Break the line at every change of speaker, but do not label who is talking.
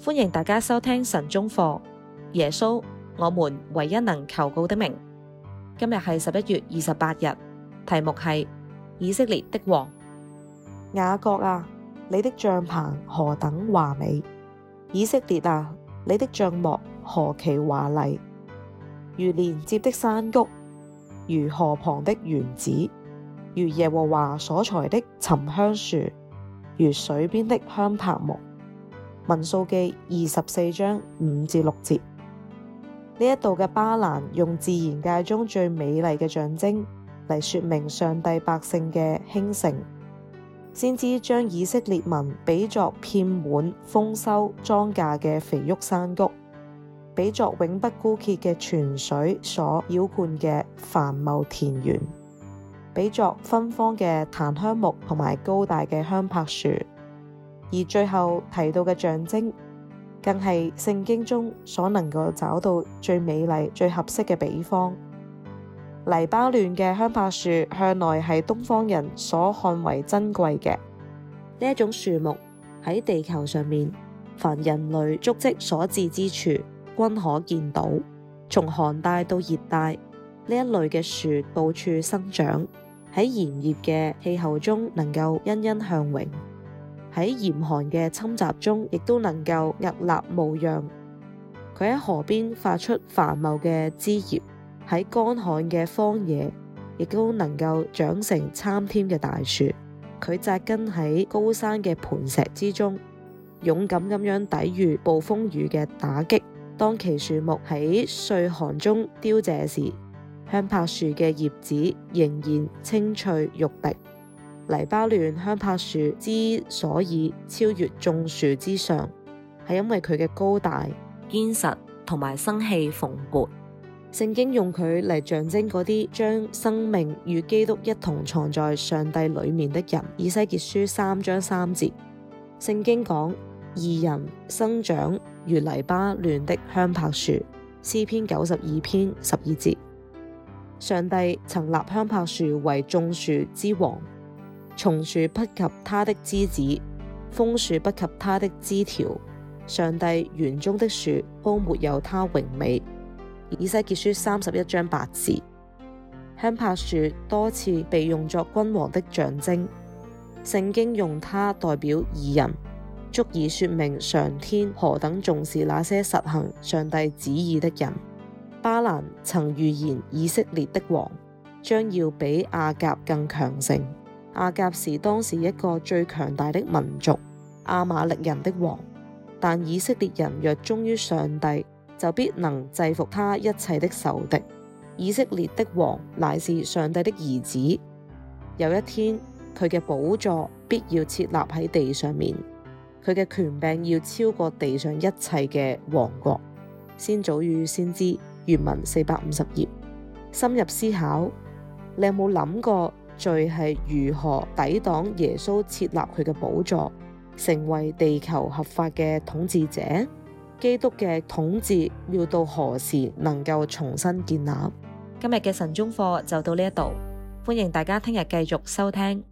歡迎大家收聽晨鐘課，耶穌，我們唯一能求告的名。今日係十一月二十八日，題目係《以色列的王》。雅各啊，你的帳棚何等華美！以色列啊，你的帳幕何其華麗，如連接的山谷，如河旁的園子，如耶和華所栽的沉香樹，如水邊的香柏木。《民數記》二十四章五至六節，呢一度嘅巴蘭用自然界中最美麗嘅象徵嚟說明上帝百姓嘅興盛，先知將以色列民比作遍滿豐收莊稼嘅肥沃山谷，比作永不枯竭嘅泉水所澆灌嘅繁茂田園，比作芬芳嘅檀香木同埋高大嘅香柏樹。而最後提到嘅象徵，更係聖經中所能夠找到最美麗、最合適嘅比方。黎巴嫩嘅香柏樹向來係東方人所看為珍貴嘅。呢一種樹木，喺地球上面，凡人類足跡所至之處，均可見到。從寒帶到熱帶，呢一類嘅樹，到處生長，喺炎熱嘅氣候中，能夠欣欣向榮。喺嚴寒嘅侵襲中，亦都能夠屹立無恙。佢喺河邊發出繁茂嘅枝葉，喺乾旱嘅荒野，亦都能夠長成參天嘅大樹。佢紮根喺高山嘅磐石之中，勇敢咁樣抵御暴風雨嘅打擊。當其樹木喺歲寒中凋謝時，香柏樹嘅葉子仍然青翠欲滴。泥巴嫩香柏樹之所以超越種樹之上，係因為佢嘅高大、堅實同埋生氣蓬勃。聖經用佢嚟象徵嗰啲將生命與基督一同藏在上帝裏面的人。以西結書三章三節，聖經講二人生長如泥巴嫩的香柏樹。詩篇九十二篇十二節，上帝曾立香柏樹為種樹之王。松樹不及它的枝子，楓樹不及它的枝條，上帝園中的樹都沒有它榮美。以西結書三十一章八字，香柏樹多次被用作君王的象徵，聖經用它代表義人，足以說明上天何等重視那些實行上帝旨意的人。巴蘭曾預言以色列的王將要比亞甲更強盛。亞甲是當時一個最強大的民族，亞瑪力人的王。但以色列人若忠於上帝，就必能制服他一切的仇敵。以色列的王乃是上帝的兒子。有一天，佢嘅寶座必要設立喺地上面，佢嘅權柄要超過地上一切嘅王國。先祖與先知，原文四百五十頁。深入思考，你有冇諗過？罪係如何抵擋耶穌設立佢嘅寶座，成為地球合法嘅統治者？基督嘅統治要到何時能夠重新建立？今日嘅神宗課就到呢一度，歡迎大家聽日繼續收聽。